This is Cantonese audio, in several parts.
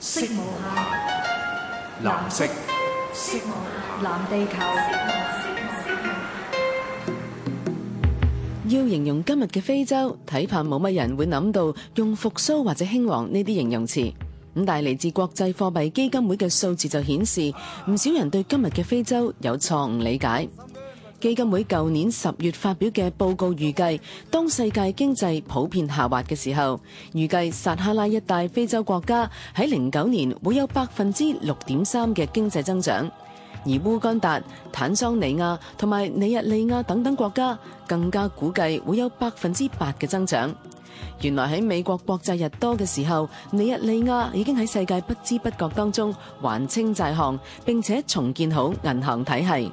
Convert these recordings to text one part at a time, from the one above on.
色無限，藍色。色無限，藍地球。要形容今日嘅非洲，睇怕冇乜人會諗到用復蘇或者興旺呢啲形容詞。咁但係嚟自國際貨幣基金會嘅數字就顯示，唔少人對今日嘅非洲有錯誤理解。基金會舊年十月發表嘅報告預計，當世界經濟普遍下滑嘅時候，預計撒哈拉一帶非洲國家喺零九年會有百分之六點三嘅經濟增長，而烏干達、坦桑尼亞同埋尼日利亞等等國家更加估計會有百分之八嘅增長。原來喺美國國債日多嘅時候，尼日利亞已經喺世界不知不覺當中還清債項，並且重建好銀行體系。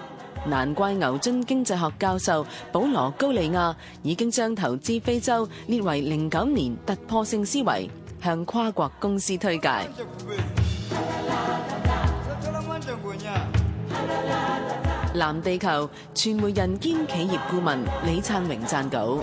難怪牛津經濟學教授保羅高利亞已經將投資非洲列為零九年突破性思維，向跨國公司推介。藍地球傳媒人兼企業顧問李燦榮撰稿：。